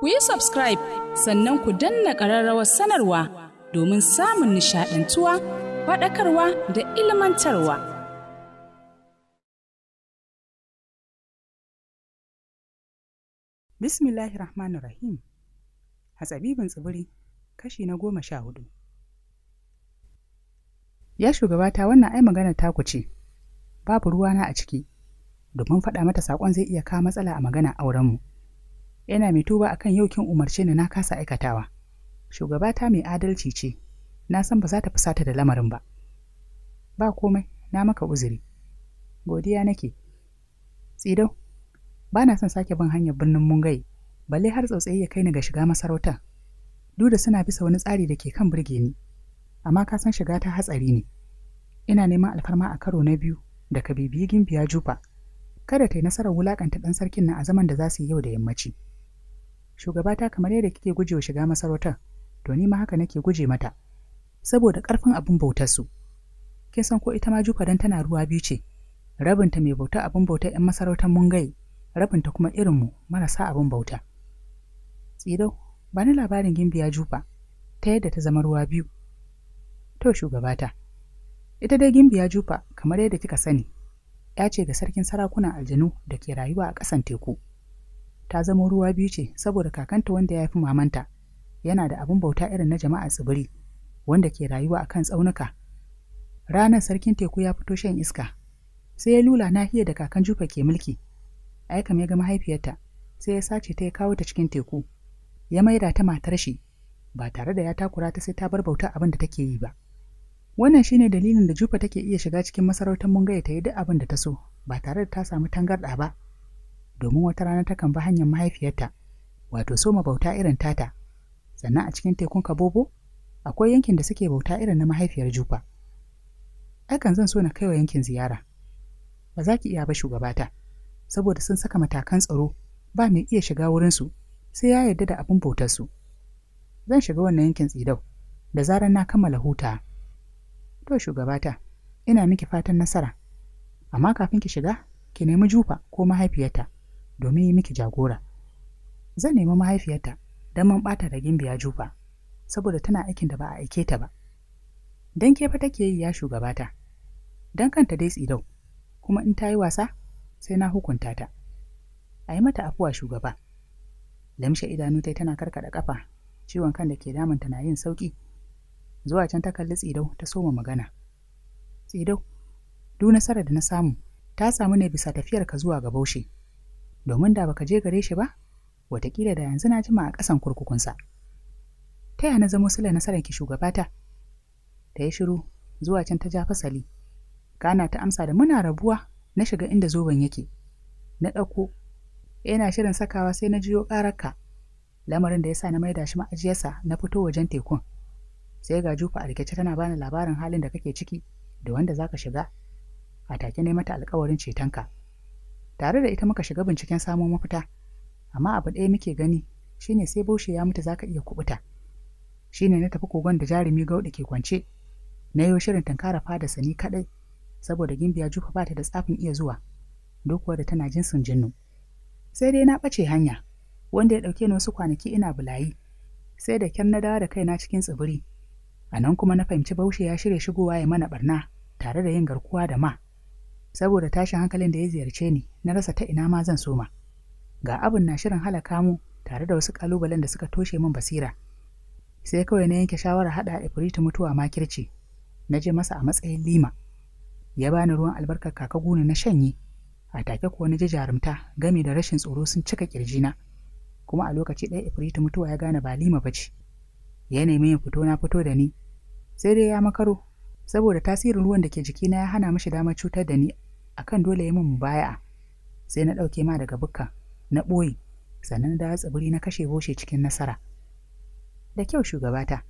ku yi subscribe sannan ku danna ƙararrawar sanarwa domin samun nishaɗantuwa faɗakarwa da ilmantarwa. Bismillahir Rahmanir Rahim Hatsabibin tsibiri kashi na goma sha hudu. Ya shugabata wannan ai magana taku ce, babu ruwana a ciki, domin faɗa mata saƙon zai iya kawo matsala a magana aurenmu. yana mai tuba akan yau kin umarce ni na kasa aikatawa shugabata mai adalci ce na san ba za ta fusata da lamarin ba ba komai na maka uzuri godiya nake tsidau ba na son sake bin hanyar birnin mungai balle har tsautsayi ya kai ni ga shiga masarautar duk da suna bisa wani tsari da ke kan burge ni amma ka san shiga ta hatsari ne ina neman alfarma a karo na biyu da ka bibiyi gimbiya jufa kada ta yi nasarar wulakanta ɗan sarkin na a zaman da za su yi yau da yammaci. shugabata kamar yadda kike guje wa shiga masarautar to ni ma haka nake guje mata saboda ƙarfin abin bautar su kin san ko ita ma jufa dan tana ruwa biyu ce rabinta mai bauta abin bauta 'yan masarautar mun rabin rabinta kuma irin mu marasa abin bauta tsido ba ni labarin gimbiya jufa ta yadda ta zama ruwa biyu to shugabata ita dai gimbiya jufa kamar yadda kika sani ya ce ga sarkin sarakunan aljanu da ke rayuwa a ƙasan teku ta zama ruwa biyu ce saboda kakanta wanda ya fi mamanta yana da abin bauta irin na jama'a tsibiri wanda ke rayuwa a kan tsaunuka ranar sarkin teku ya fito shan iska sai ya lula nahiyar da kakan jufa ke mulki aikam ya ga mahaifiyarta sai ya sace ta ya kawo ta cikin teku ya maida ta matar shi ba tare da ya takura ta sai ta bar bauta abin da take yi ba wannan shine dalilin da jufa take iya shiga cikin masarautar mungaya ta yi duk abin da ta so ba tare da ta samu tangarɗa ba domin wata rana takan bi hanyar mahaifiyarta wato soma bauta irin tata sannan a cikin tekun kabobo akwai yankin da suke bauta irin na mahaifiyar jufa akan zan so na kaiwa yankin ziyara ba za ki iya ba shugabata saboda sun saka matakan tsaro ba mai iya shiga wurinsu sai ya yarda da abin bautar su. zan shiga wannan yankin tsidau da zarar na kammala huta to shugabata ina miki fatan nasara amma kafin ki shiga ki nemi jufa ko mahaifiyarta domin yi miki jagora zan nemi mahaifiyarta don man ɓata da gimbiya jufa, saboda tana aikin da ba a aike ta ba don fata ke yi ya shugabata don kanta dai tsidau kuma in ta yi wasa sai na hukunta ta a yi mata afuwa shugaba lamshe idanu tai tana karkada kafa ciwon kan da ke damunta na yin sauƙi. zuwa can ta kalli tsidau ta soma magana tsidau duk nasarar da na samu ta samu ne bisa tafiyarka zuwa ga baushe domin da baka je gare shi ba watakila da yanzu na jima a ƙasan kurkukunsa ta yana zama sula nasarar ki shugabata ta yi shiru zuwa can ta ja fasali kana ta amsa da muna rabuwa na shiga inda zoben yake na ɗauko yana shirin sakawa sai na jiyo ƙararka lamarin da ya sa na maida shi ma'ajiyarsa na fito wajen tekun sai ga jufa a rikice tana bani labarin halin da kake ciki da wanda zaka shiga a take ne mata alkawarin cetonka tare da ita muka shiga binciken samo mafita amma abu ɗaya muke gani shine sai baushe ya mutu zaka iya kubuta shine na tafi kogon da jarumi gauda ke kwance na yi shirin tankara fada sani kaɗai saboda gimbiya jufa bata da tsafin iya zuwa dokuwa da tana jinsin jinnu sai dai na ɓace hanya wanda ya ɗauke ni wasu kwanaki ina bulayi sai da kyan na dawo da kaina cikin tsibiri a nan kuma na fahimci baushe ya shirya shigowa ya mana barna tare da yin garkuwa da ma saboda tashin hankalin da ya ziyarce ni na rasa ta ina ma zan soma ga abin na shirin halaka mu tare da wasu kalubalen da suka toshe min basira sai kawai na yanke shawarar haɗa ifriti mutuwa ma makirci na je masa a matsayin lima ya bani ruwan albarkar kaka guna na shanye a take kuwa na ji jarumta game da rashin tsoro sun cika na. kuma a lokaci ɗaya ifrit mutuwa ya gane ba lima ba ce ya nemi ya fito na fito da ni sai dai ya makaro saboda tasirin ruwan da ke jikina ya hana mishi damar cutar da ni akan dole ya min baya sai na ɗauke ma daga bukka na ɓoye sannan da tsibiri na kashe boshe cikin nasara da kyau shugabata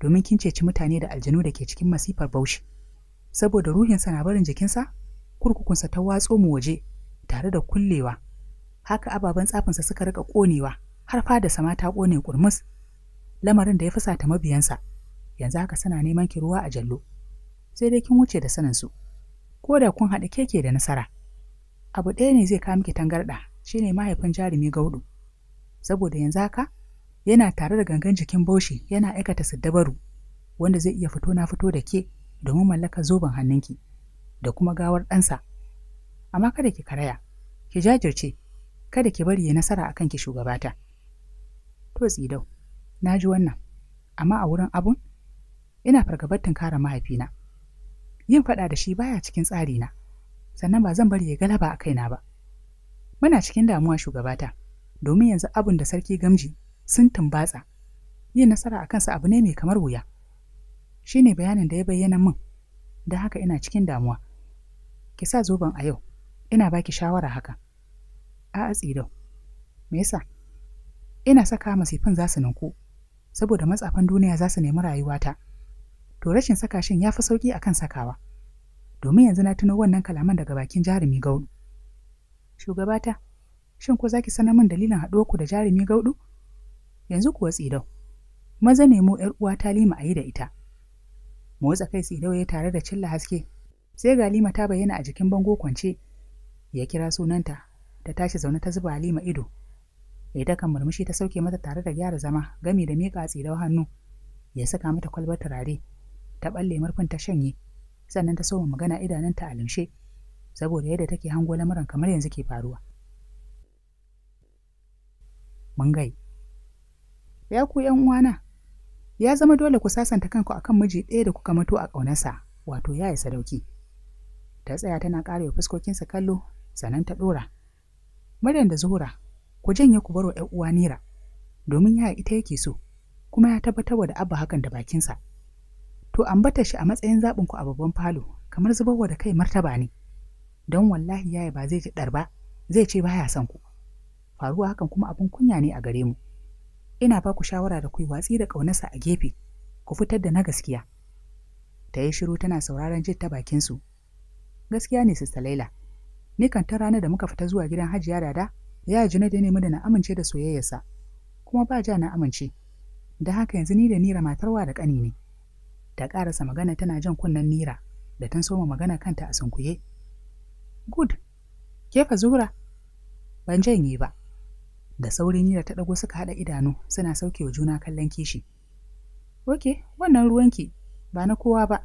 domin kin ceci mutane da aljanu da ke cikin masifar baushi saboda ruhinsa na barin jikinsa kurkukunsa ta watso mu waje tare da kullewa haka ababen tsafinsa suka rika ƙonewa har fada sama ta ƙone kurmus lamarin da ya fusata mabiyansa yanzu haka suna neman ki ruwa a jallo sai dai kin wuce da saninsu su ko da kun haɗa keke da nasara abu ɗaya ne zai kawo miki tangarɗa shine mahaifin jarumi gaudu saboda yanzu haka yana tare da gangan jikin baushi yana aikata siddabaru wanda zai iya fito na fito da ke domin mallaka zoben hannunki da kuma gawar ɗansa amma kada ki karaya ki jajirce kada ki bari ya nasara a kanki shugabata to tsidau na ji wannan amma a wurin abun ina fargabar tunkarar mahaifina yin faɗa da shi baya cikin tsari na sannan ba zan bari ya galaba a kaina ba muna cikin damuwa shugabata domin yanzu abin da sarki gamji sun tumbatsa yin nasara a kansa abu ne mai kamar wuya shi ne bayanin da ya bayyana min da haka ina cikin damuwa ki sa zoben a yau ina baki shawara haka a'a tsidau me yasa ina saka masifin za su ninku saboda matsafan duniya za su nemi rayuwata to rashin saka shin ya fi sauƙi akan sakawa domin yanzu na tuno wannan kalaman daga bakin jarumi gaudu shugabata shin ko zaki ki sanar min dalilin ku da jarumi gaudu yanzu kuwa tsidau maza ne mu ‘yar uwa ta lima a yi da ita motsa kai tsidau ya tare da cilla haske sai ga lima ta bayyana a jikin bango kwance ya kira sunanta ta tashi zaune ta zuba lima ido ya takan murmushi ta sauke mata tare da gyara zama gami da miƙa tsidau hannu ya saka mata kwalbar turare ta balle murfin ta shanye sannan ta soma magana idanunta a limshe saboda yadda take hango lamuran kamar yanzu ke faruwa mangai ya ku yan uwana ya zama dole ku sasanta kanku akan miji ɗaya da kuka mato a ƙaunarsa wato yaya sadauki. ta tsaya tana ƙara fuskokinsa kallo sannan ta ɗora maryam da zuhura ku janye ku baro 'yan uwa nira domin ya ita yake so kuma ya tabbatar da abba hakan da bakinsa to ambata shi a matsayin zaɓin ku a babban falo kamar zubarwa da kai martaba ne don wallahi yaya ba zai ji ɗar ba zai ce baya son ku faruwa hakan kuma abin kunya ne a gare mu ina ba ku shawara da ku watsi da ƙaunarsa a gefe ku fitar da na gaskiya ta yi shiru tana sauraron jin ta bakin su gaskiya ne sista laila ni kan ta ranar da muka fita zuwa gidan hajiya dada ya ji na da nemi da na amince da soyayyarsa kuma ba ja na amince da haka yanzu ni da nira matarwa da ƙani ne ta ƙarasa magana tana jan kunnen nira da ta soma magana kanta a sunkuye good fa zura ban janye ba da saurin nira ta ɗago suka haɗa idanu suna sauke wa juna kallon kishi ok wannan ruwanki ba na kowa ba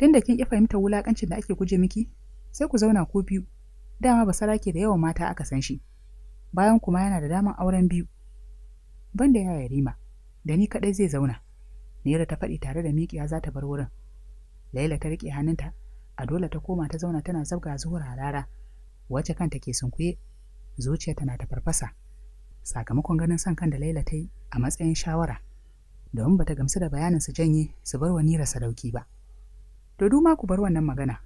tunda kin ƙi fahimtar wulaƙancin da ake guje miki sai ku zauna ko biyu dama ba ke da yawan mata aka san shi bayan kuma yana da daman auren biyu ban da yaya rima da ni kaɗai zai zauna Nera ta faɗi tare da miƙiya za ta bar wurin. Laila ta riƙe hannunta, a dole ta koma ta zauna tana zabga zuwar harara, wacce kanta ke sunkuye, zuciya tana ta farfasa. Sakamakon ganin son kan da Laila ta yi a matsayin shawara, domin ba ta gamsu da bayanin su janye su bar wa Nira sadauki ba. To duma ku bar wannan magana,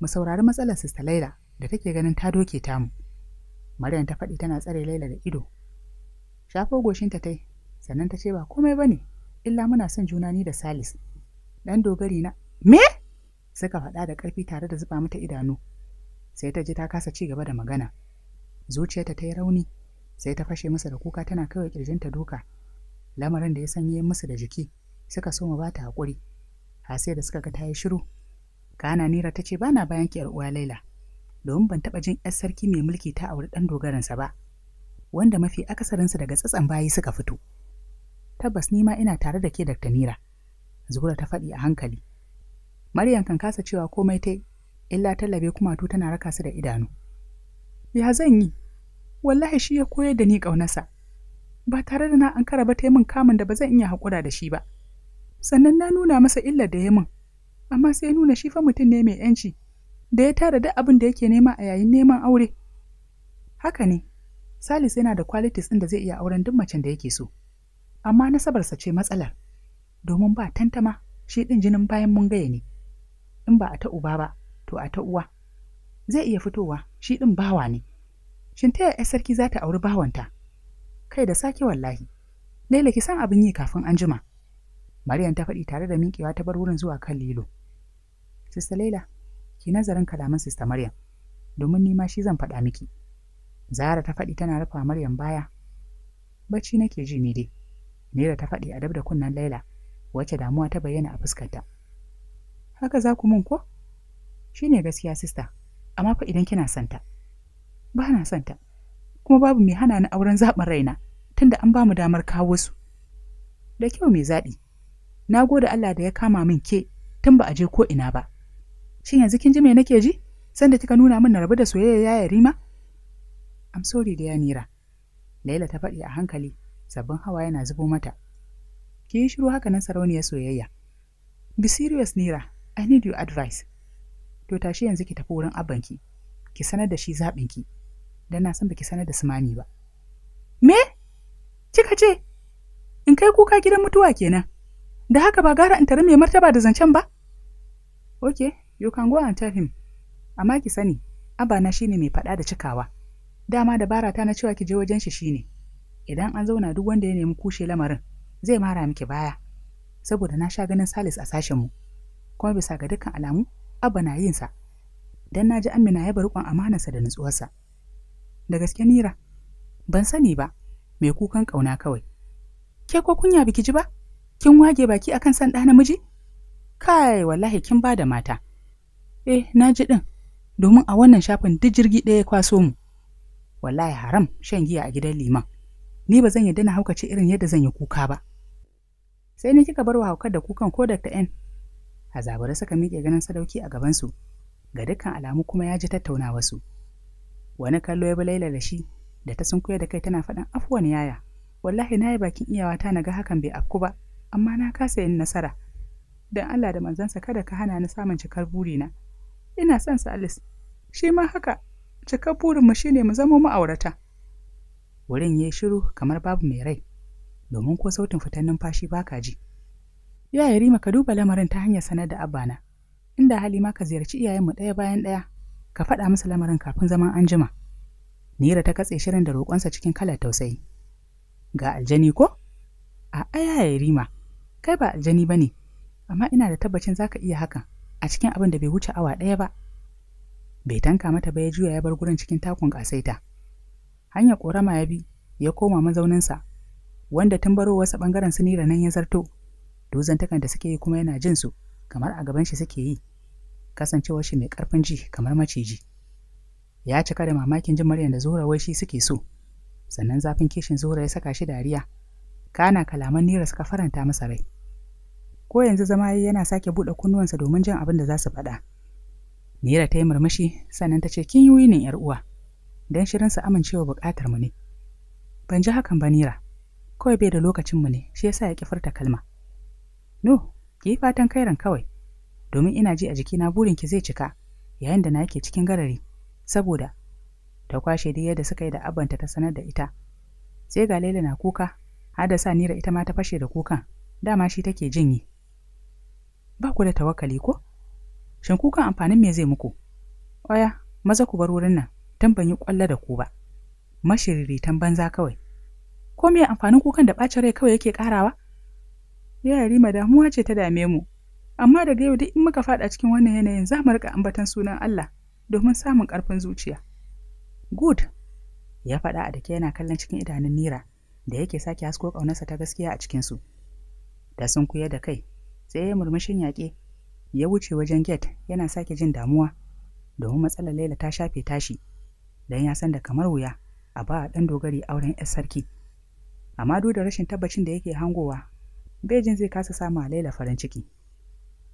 mu saurari matsalar Sista Laila da take ganin ta doke tamu. Maryam ta faɗi tana tsare Laila da ido. Shafo goshinta tai, sannan ta ce ba komai ba ne, illa muna son juna ni da Salis. Dan dogari na, me? Suka faɗa da ƙarfi tare da zuba mata idanu. Sai ta ji ta kasa ci gaba da magana. Zuciyarta ta yi rauni, sai ta fashe masa da kuka tana kawai ƙirjinta duka. Lamarin da ya sanye musu da jiki, suka so mu bata haƙuri. Hasiya da suka ga ta yi shiru. Kana Nira ta ce bana bayan ki uwa Laila, domin ban taɓa jin 'yar sarki mai mulki ta auri ɗan dogaransa ba, wanda mafi akasarinsa daga tsatsan bayi suka fito. tabbas ni ma ina tare da ke da Nira. Zuhura ta faɗi a hankali. Maryam kan kasa cewa komai ta illa tallabe kumatu tana raka su da idanu. Ya zan yi? Wallahi shi ya koyar da ni ƙaunarsa. Ba tare da na an ba ta min kamun da ba zan iya haƙura da shi ba. Sannan na nuna masa illar da ya min, amma sai ya nuna shi fa mutum ne mai ‘yanci da ya tara duk abin da yake nema a yayin neman aure. Haka ne, Salis yana da qualities ɗin da zai iya auren duk macen da yake so. amma nasabarsa ce matsalar domin ba tantama shi ɗin jinin bayan mun gaya ne in ba a ta uba ba to a ta uwa zai iya fitowa shi ɗin bawa ne shin ta yaya sarki za ta auri bawanta kai da sake wallahi laila ki san abin yi kafin an jima maryam ta faɗi tare da miƙewa ta bar wurin zuwa kan lilo sista laila ki nazarin kalaman sista maryam domin ni ma shi zan faɗa miki zara ta faɗi tana rufa maryam baya bacci nake ji ni dai Naira ta faɗi a dab da kunnen Laila, wacce damuwa ta bayyana a fuskarta. Haka za ku mun ko? Shi ne gaskiya sista, amma fa idan kina santa. Ba na santa, kuma babu mai hana ni auren zaɓin raina, tunda an ba mu damar kawo su. Da kyau mai zaɓi, na gode Allah da ya kama min ke tun ba a je ko ina ba. Shin yanzu kin ji me nake ji? Sanda kika nuna min na rabu da soyayya ya rima? I'm sorry da ya nira. Laila ta faɗi a hankali sabbin hawa yana zubo mata ki yi shiru haka nan sarauniyar soyayya be serious nira i need your advice to tashi yanzu ki tafi wurin abbanki ki sanar da shi zaɓinki don na san ba ki sanar da su mami ba me kika ce in kai kuka gidan mutuwa kenan da haka ba gara in tare mai martaba da zancen ba ok you can go and tell him amma ki sani abana shine mai faɗa da cikawa dama dabara ta na cewa ki je wajen shi shine idan an zauna duk wanda ya nemi kushe lamarin zai mara miki baya saboda na sha ganin salis a sashen mu kuma bisa ga dukkan alamu abba na yin sa dan na ji amina ya bar kwan amanarsa da nutsuwarsa da gaske nira ban sani ba mai kukan kauna kawai ke ko kunya biki ji ba kin wage baki akan san ɗa namiji kai wallahi kin ba da mata eh na ji din domin a wannan shafin duk jirgi ɗaya kwaso mu wallahi haram shan giya a gidan liman ni ba zan yadda na haukace irin yadda zan yi kuka ba sai ni kika bar wa haukar da kukan ko da n a zabare suka miƙe ganin sadauki a gabansu ga dukkan alamu kuma ya ji tattauna wasu wani kallo ya bi laila da shi da ta sunkuya da kai tana faɗin afuwan yaya wallahi na yi bakin iyawata na ga hakan bai afku ba amma na kasa yin nasara don Allah da manzansa kada ka hana ni samun cikar burina ina son sa Alice shi ma haka cikar burin burinmu shine mu zama ma'aurata wurin ya yi shiru kamar babu mai rai domin ko sautin fitan numfashi ba ka ji ya yarima ka duba lamarin ta hanyar sanar da abana inda hali ma ka ziyarci iyayenmu ɗaya bayan ɗaya ka faɗa musu lamarin kafin zaman anjima nira ta katse shirin da roƙonsa cikin kalar tausayi ga aljani ko a aya yarima kai ba aljani ba ne amma ina da tabbacin za ka iya hakan a cikin abin da bai wuce awa ɗaya ba bai tanka mata ba ya juya ya bar gurin cikin takun ƙasaita hanyar ƙorama ya bi ya koma mazauninsa wanda tun baro wasu bangaren su nira nan ya zarto dozantakan da suke yi kuma yana jin su kamar a gaban shi suke yi kasancewar shi mai ƙarfin ji kamar maciji ya cika da mamakin jin Maryam da zora wai shi suke so sannan zafin kishin zora ya saka shi dariya kana kalaman nira suka faranta masa rai ko yanzu zama yana sake buɗe kunnuwansa domin jin abin da za su faɗa nira ta yi murmushi sannan ta ce kin yi winin yar uwa don shirin su amincewa buƙatar mu ne. Ban ji hakan ba Nira, kawai bai da lokacin mu ne, shi yasa ya ki kalma. No, ki fatan kairan kawai, domin ina ji a jikina burin ki zai cika yayin da na yake cikin garari, saboda ta kwashe dai yadda suka yi da abanta ta sanar da ita. Sai ga Laila na kuka, har da sa Nira ita ma ta fashe da kukan, dama shi take jin yi. Ba ku da tawakkali ko? Shin kukan amfanin me zai muku? Oya, maza ku bar wurin nan, don ban yi ƙwallo da ku ba tan banza kawai ko me amfanin kukan da ɓacin rai kawai yake ƙarawa ya ma damuwa ce ta dame mu amma daga yau duk in muka faɗa cikin wannan yanayin za mu riƙa ambatan sunan Allah domin samun ƙarfin zuciya good ya faɗa a dake yana kallon cikin idanun Nira da yake sake hasko ƙaunarsa ta gaskiya a cikinsu da sun kuya da kai sai ya murmushin yaƙe ya wuce wajen gate yana sake jin damuwa domin matsalar Laila ta shafe tashi don ya san da kamar wuya a ba ɗan dogari auren 'yar sarki amma duk da rashin tabbacin da yake hangowa bejin zai kasa samu a laila farin ciki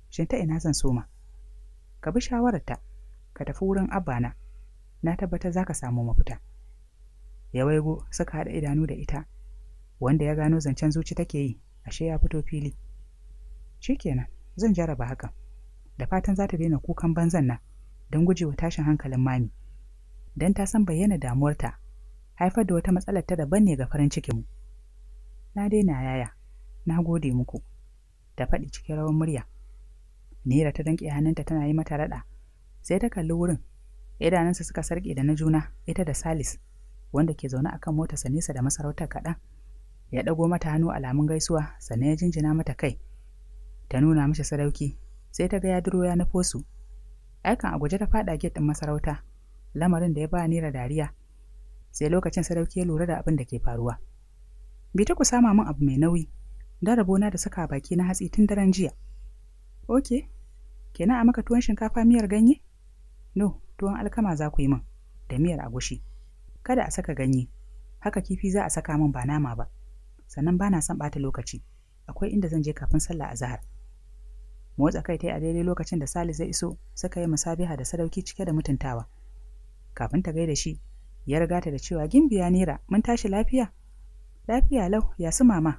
shin ta ina zan soma ka bi shawararta ka tafi wurin abbana na tabbatar za ka samu mafita ya waigo suka haɗa idanu da ita wanda ya gano zancen zuci take yi ashe ya fito fili shikenan zan jaraba hakan da fatan za ta daina kukan banzan na don gujewa tashin hankalin mami don ta san bayyana damuwarta haifar da wata matsalar ta daban ne ga farin mu. Na daina yaya, na gode muku, ta faɗi cikin rawar murya. Nera ta danƙe hannunta tana yi mata raɗa, sai ta kalli wurin, idanunsa suka sarƙe da na juna ita da Salis, wanda ke zaune akan motarsa nesa da masarautar kaɗan. Ya ɗago mata hannu alamun gaisuwa, sannan ya jinjina mata kai. Ta nuna mishi sadauki, sai ta ga ya duro ya nufo su. Aikan a guje ta faɗa gate ɗin masarauta, lamarin da ya ba Nera dariya. Sai lokacin sadauki ya lura da abin da ke faruwa. Bai ta ku sama min abu mai nauyi, don rabona da saka baki na hatsi tun daren jiya. Ok, kenan a maka tuwon shinkafa miyar ganye? No, tuwon alkama za ku yi min, da miyar agushi. Kada a saka ganye, haka kifi za a saka min ba nama ba. Sannan ba na son ɓata lokaci, akwai inda zan je kafin sallah azahar. Motsa kai ta yi a daidai lokacin da Salisu zai iso, suka yi musabiha da sadauki cike da mutuntawa. kafin ta gaida shi ya riga ta da cewa gimbiya nera mun tashi lafiya lafiya lau ya su mama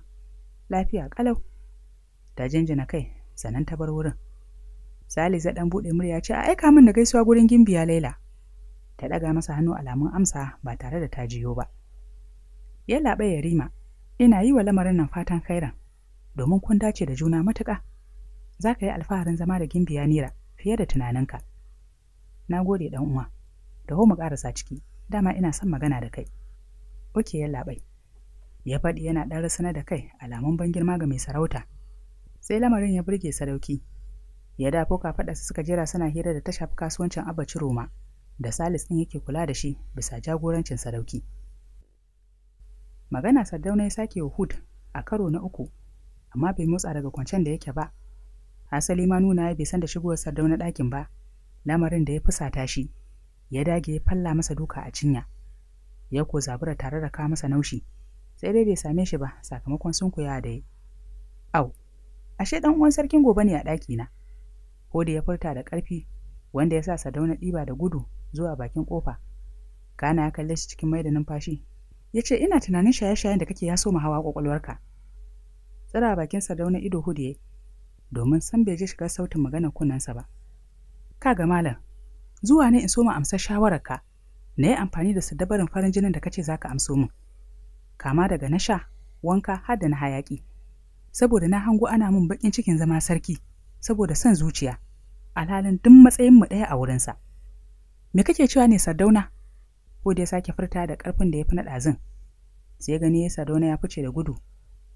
lafiya kalau ta jinjina kai sannan ta bar wurin sali ɗan buɗe bude murya ce a aika min da gaisuwa gurin gimbiya Laila ta ɗaga masa hannu alamun amsa ba tare da ta jiyo ba ya laɓe ya rima ina yi wa lamarin nan fatan kairan. domin kun dace da juna matuƙa za ka yi alfaharin zama da gimbiya nera fiye da tunaninka na gode dan uwa taho mu ƙarasa ciki dama ina son magana da kai oke ya labai ya faɗi yana ɗan rasana da kai alamun ban girma ga mai sarauta sai lamarin ya burge sarauki. ya dafo su suka jira suna hira da ta shafi kasuwancin abba roma da salis ɗin yake kula da shi bisa jagorancin sarauki? magana saddauna ya sake wa hud a karo na uku amma bai motsa daga kwancen da yake ba asali ma nuna ya bai san da shigowar sardauna ɗakin ba lamarin da ya fusata shi ya dage ya falla masa duka a cinya ya ko zabura tare da ka masa naushi sai dai bai same shi ba sakamakon sun ya da yi au ashe dan uwan sarkin gobe ne a daki na ko da ya furta da karfi wanda ya sa sadauna ɗiba da gudu zuwa bakin ƙofa kana ya kalle shi cikin mai da numfashi ya ce ina tunanin shaye-shayen da kake ya so mu hawa kwakwalwarka. Tsara bakin sadauna ido hudu yi. domin san bai ji shiga sautin maganar kunnensa ba Ka ga malam zuwa ne in so mu amsa shawararka na yi amfani da sadabarin farin jinin da kace zaka amso min kama daga na sha wanka har da na hayaki saboda na hango ana min bakin cikin zama sarki saboda son zuciya alhalin duk matsayin mu ɗaya a wurin sa me kake cewa ne sardauna ko da ya sake furta da karfin da ya fi na sai gani ya sardauna ya fice da gudu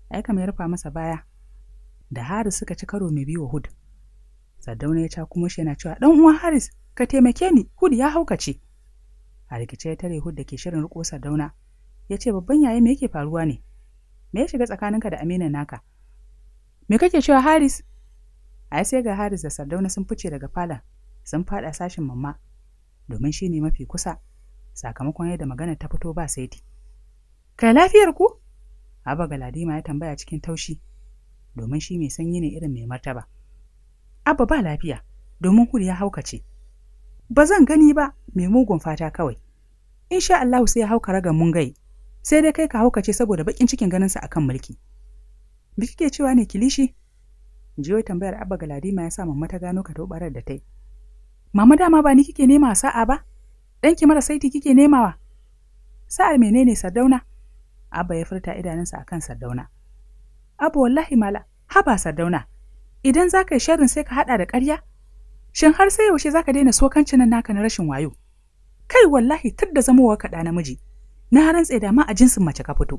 ai kamar ya rufa masa baya da haris suka ci karo mai biyu wa hud sardauna ya ca kuma shi yana cewa "Dan uwan haris ka taimake ni hud ya haukace a rikice ya tare hud da ke shirin riko dauna ya ce babban yaye me yake faruwa ne me ya shiga tsakaninka da aminin naka me kake cewa haris a sai ga haris da sardauna sun fice daga falon sun fada sashin mamma domin shi ne mafi kusa sakamakon yadda magana ta fito ba saiti kai lafiyar ku ga galadima ya tambaya cikin taushi domin shi mai sanyi ne irin mai martaba abba ba lafiya domin hudu ya haukace ba zan gani ba mai mugun fata kawai sha Allahu sai ya hauka raga mun gai sai dai kai ka haukace saboda bakin cikin ganin sa akan mulki me kike cewa ne kilishi jiyo tambayar abba galadima ya sa mamma ta gano ka tobarar da tai mama dama ba ni kike nema sa'a ba ɗanki mara saiti kike nemawa sa'ar menene sardauna abba ya furta idanunsa akan sardauna abba wallahi mala haba sardauna idan za ka yi sharrin sai ka haɗa da ƙarya Shin har sai yaushe zaka daina sokancin nan naka na rashin wayo? Kai wallahi da zamowa ka namiji. Na rantse da ma a jinsin mace ka fito.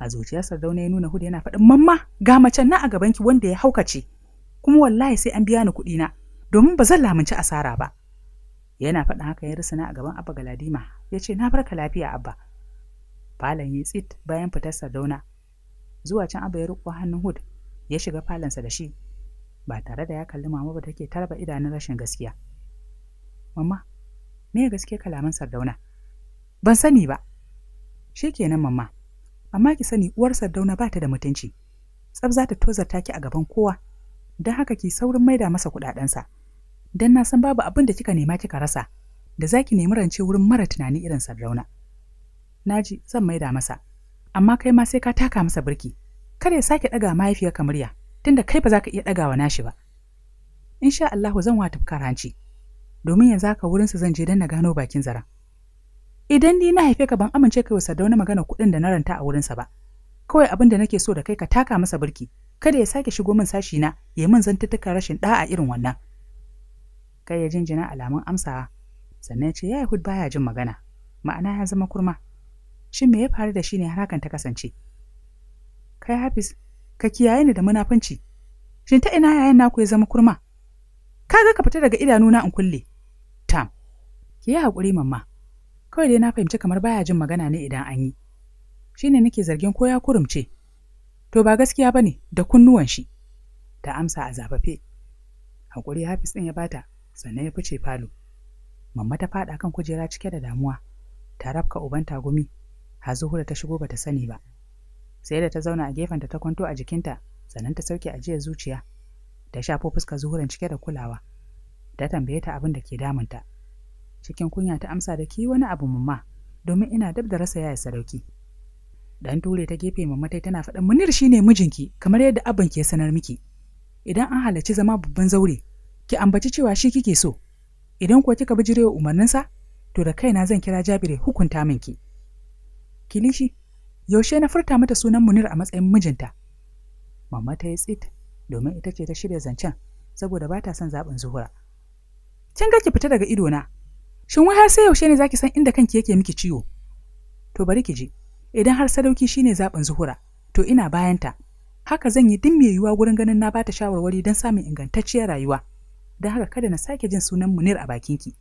A zuciyar Sardauna ya nuna hudu yana faɗin mamma ga macen na a gabanki wanda ya haukace. Kuma wallahi sai an biya ni kuɗi na domin ba zan lamunci asara ba. Yana faɗin haka ya risana a gaban Abba Galadima ya ce na barka lafiya Abba. Falon ya tsit bayan fitar Sardauna. Zuwa can Abba ya riƙo hannun Hud ya shiga falonsa da shi ba tare da ya kalli mama ba take tarba idanun rashin gaskiya mama me gaske kalaman sardauna ban sani ba shikenan mama amma ki sani uwar sardauna ba ta da mutunci tsab za ta ta ki a gaban kowa don haka ki saurin maida masa kuɗaɗensa don na san babu abin da kika nema kika rasa da za ki nemi rance wurin mara tunani irin sardauna naji zan maida masa amma kai ma sai ka taka masa birki kada ya sake ɗaga mahaifiyarka murya tunda kai ba za ka iya ɗagawa nashi ba. In sha Allahu zan wata hanci, domin yanzu haka wurinsa zan je don na gano bakin zara. Idan ni na haife ka ban amince kai wasa da wani magana kuɗin da na ranta a wurinsa ba. Kawai abin da nake so da kai ka taka masa birki, kada ya sake shigo min sashi na ya min zantuttukan rashin ɗa'a irin wannan. Kai ya jinjina alamun amsawa, sannan ya ce ya Yahud baya jin magana, ma'ana ya zama kurma. Shin me ya faru da shi ne har hakan ta kasance? Kai Hafiz, ka kiyaye ni da munafunci shin ta ina yayan naku ya zama kurma Ka ga ka fita daga idanuna in kulle tam ki yi hakuri, mamma kawai dai na fahimci kamar baya jin magana ne idan an yi Shi shine nake zargin ko ya kurumce to ba gaskiya bane da kunnuwan shi ta amsa a zafafe hakuri hafiz din ya bata sannan ya fice falo mamma ta faɗa kan kujera cike da damuwa ta rafka uban tagumi har zuhura ta shigo bata sani ba sai da ta zauna a gefenta ta kwanto a jikinta sannan ta sauke ajiyar zuciya ta shafo fuska zuhurin cike da kulawa ta tambaye ta abin da ke damunta cikin kunya ta amsa da ki wani abu mumma domin ina dab da rasa yaya sarauki. dan ture ta gefe mamma tai tana faɗin munir shine mijinki kamar yadda abban ke sanar miki idan an halarci zama babban zaure ki ambaci cewa shi kike so idan kuwa kika bijirewa umarninsa to da kaina zan kira jabire hukunta minki kilishi yaushe na furta mata sunan munir a matsayin mijinta mamma ta yi tsit domin ita ce ta shirya zancen saboda ba ta son zaɓin zuhura kin ga ki fita daga idona shin wai har sai yaushe ne zaki san inda kanki yake miki ciwo to bari ki ji idan har sadauki shine zaɓin zuhura to ina bayanta haka zan yi dimme yiwuwa gurin ganin na bata shawarwari don samun ingantacciyar rayuwa don haka kada na sake jin sunan munir a bakinki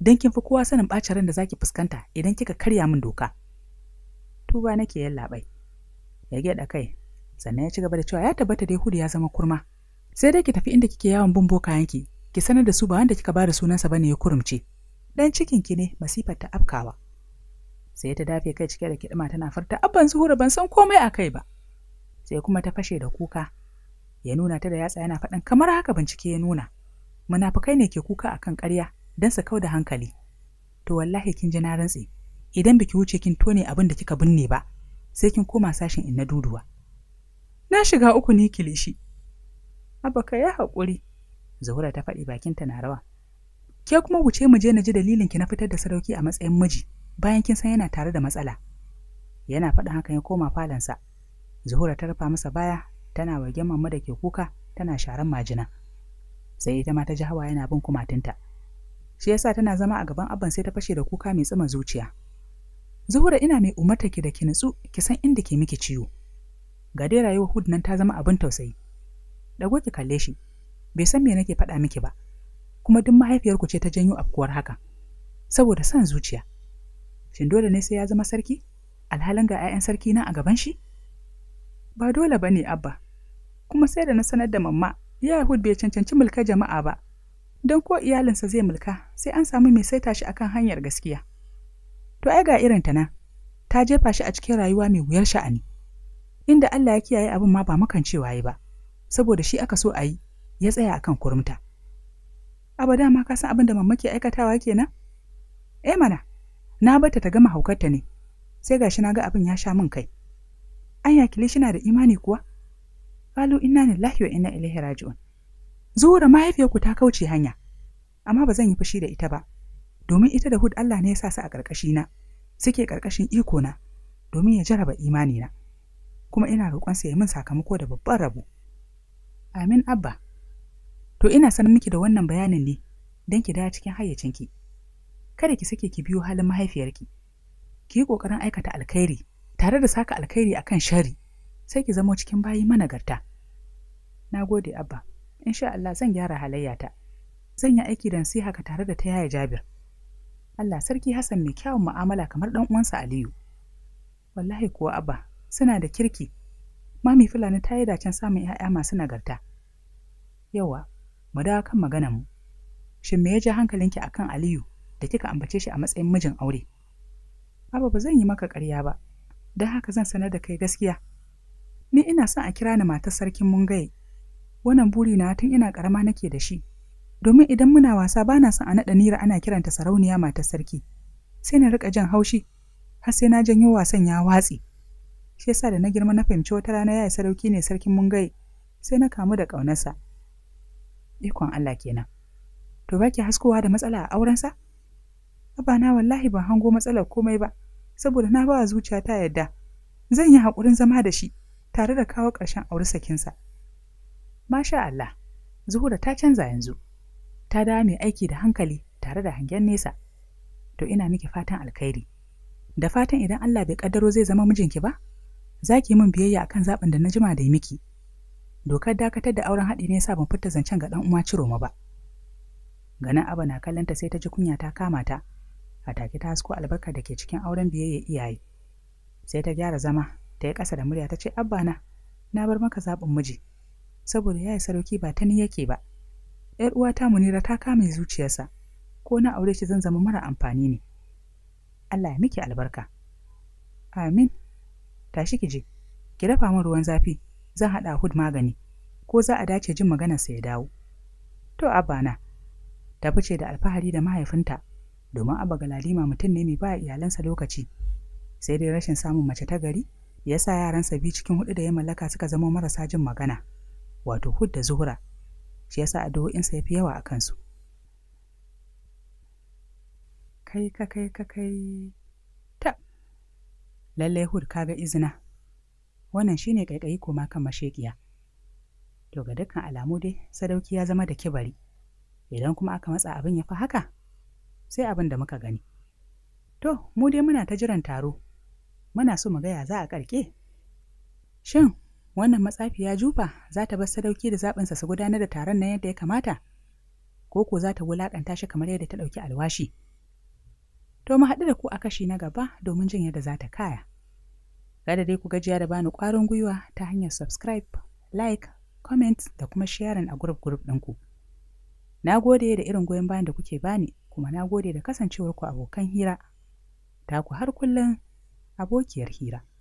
don kin fi kowa sanin ɓacin da zaki fuskanta idan kika karya min doka tuba nake yallaɓai ya gyaɗa kai sannan ya ci gaba da cewa ya tabbata dai hudu ya zama kurma sai dai ki tafi inda kike yawan bin yanki, ki sanar da su ba wanda kika ba da sunansa bane ya kurumce dan cikin ki ne masifar ta afkawa sai ta dafe kai cike da kiɗima tana farta abban zuhura ban san komai a kai ba sai kuma ta fashe da kuka ya nuna ta da yatsa yana faɗan kamar haka bincike ya nuna munafukai ne ke kuka akan ƙarya don su kau da hankali to wallahi kin ji na rantse idan biki wuce kin tone abin da kika binne ba sai kin koma sashin in na duduwa na shiga uku ni kilishi abba ka yi haƙuri Zahura ta faɗi bakinta na rawa ke kuma wuce mu je na ji dalilin ki na fitar da sarauki a matsayin miji bayan kin san yana tare da matsala yana faɗin hakan ya koma falansa Zahura ta rufa masa baya tana wagen mamma da ke kuka tana sharan majina sai ita ma ta ji hawa yana bin kumatinta shi yasa tana zama a gaban abban sai ta fashe da kuka mai tsima zuciya Zuhura ina mai umarta ki da ki nutsu ki san inda ke miki ciwo. Ga dai rayuwar Hud nan ta zama abin tausayi. Dago ki kalle shi. Bai san me nake faɗa miki ba. Kuma duk mahaifiyar ku ce ta janyo afkuwar haka. Saboda san zuciya. Shin dole ne sai ya zama sarki? Alhalin ga 'ya'yan sarki na a gaban shi? Ba dole ba ne, Abba. Kuma sai da na sanar da mamma, ya Hud bai cancanci mulkar jama'a ba. Don ko iyalinsa zai mulka, sai an samu mai saita shi akan hanyar gaskiya. To ai ga irin ta nan, ta jefa shi a cikin rayuwa mai wuyar sha'ani. Inda Allah ya kiyaye abin ma ba makancewa yi ba, saboda shi aka so a yi, ya tsaya akan kurumta. Abada ma ka san abin da mamaki aikatawa kenan? Eh mana, na bata ta gama haukarta ne, sai gashi na ga abin ya sha min kai. An yakile shi na da imani kuwa? Kalu inna lillahi wa inna ilaihi raji'un. Zuwa mahaifiyarku ta kauce hanya, amma ba zan yi fushi da ita ba, domin ita da Hud Allah ne ya sa su a ƙarƙashina, suke ƙarƙashin na domin ya jaraba na. kuma ina roƙonsa ya min sakamako da babban rabo. Amin Abba, to ina sanar miki da wannan bayanin ne don ki dawo cikin hayyacinki. Kada ki sake ki biyo halin mahaifiyarki, ki yi ƙoƙarin aikata alkhairi tare da saka alkhairi akan shari, sai ki zamo cikin bayi managarta. Na gode Abba, In sha Allah zan gyara halayyata. Zan yi aiki da nasiha haka tare da ta yaya Jabir. Allah sarki Hassan mai kyawun mu'amala kamar ɗan uwansa Aliyu. Wallahi kuwa abba, suna da kirki. Mami Fulani ta yi dacen samun ‘ya'ya masu nagarta. Yawa, mu dawo kan magana mu. Shin me ya ja hankalinki akan Aliyu da kika ambace shi a matsayin mijin aure? Abba ba zan yi maka ƙarya ba, don haka zan sanar da kai gaskiya. Ni ina son a kira ni matar sarkin mungaye. Wannan buri na tun ina ƙarama nake da shi, domin idan muna wasa ba na son a naɗa nira ana kiranta sarauniya matar sarki sai na riƙa jin haushi har sai na janyo wasan ya watse shi yasa da na girma na fahimci wata rana yaya sadauki ne sarkin mungai sai na kamu da ƙaunarsa ikon Allah kenan to baki haskowa da matsala a aurensa na wallahi ban hango matsalar komai ba saboda na bawa zuciya ta yadda zan yi haƙurin zama da shi tare da kawo ƙarshen aure sakinsa masha Allah Zuhura ta canza yanzu ta dawo mai aiki da hankali tare da hangen nesa to ina miki fatan alkhairi da fatan idan Allah bai kaddaro zai zama mijinki ba za ki min biyayya akan zaɓin da na jima da miki dokar dakatar da auren haɗi ne yasa ban fita zancen ga ɗan uwa ciro ma ba ganin aba na kallonta sai ta ji kunya ta kama ta a take ta hasko albarka da ke cikin auren biyayya iyaye sai ta gyara zama ta yi ƙasa da murya ta ce abba na na bar maka zaɓin miji saboda ya yi sadauki ba ta ni yake ba yar uwata munira ta kame zuciyarsa ko na aure shi zan zama mara amfani ne Allah ya miki albarka amin tashi ki je ki dafa min ruwan zafi zan haɗa hud magani ko za a dace jin maganarsa ya dawo to abana ta fice da alfahari da mahaifinta domin abba galalima mutum ne mai ba iyalansa lokaci sai dai rashin samun mace ta gari ya sa yaransa biyu cikin hudu da ya mallaka suka zama marasa jin magana wato hud da zuhura shi yasa addu'o'insa ya fi yawa a kansu kai ka kai ka kai ta lallai hud kaga izina wannan shine kaikayi koma kan mashekiya to ga dukkan alamu dai sadauki ya zama da kibari idan kuma aka matsa abin ya fi haka sai abin da muka gani to mu dai muna ta jiran taro muna so mu ga ya za a karke shin wannan matsafiya jufa za ta bar sadauki da zaɓinsa su gudanar da taron nan yadda ya kamata ko ko za ta wulaƙanta shi kamar yadda ta ɗauki alwashi to mu haɗu da ku a kashi na gaba domin jin yadda za ta kaya kada dai ku gajiya da bani ƙwarin gwiwa ta hanyar subscribe like comment da kuma sharing a group group ɗinku na gode da irin goyon bayan da kuke bani kuma na gode da kasancewarku abokan hira ta ku har kullum abokiyar hira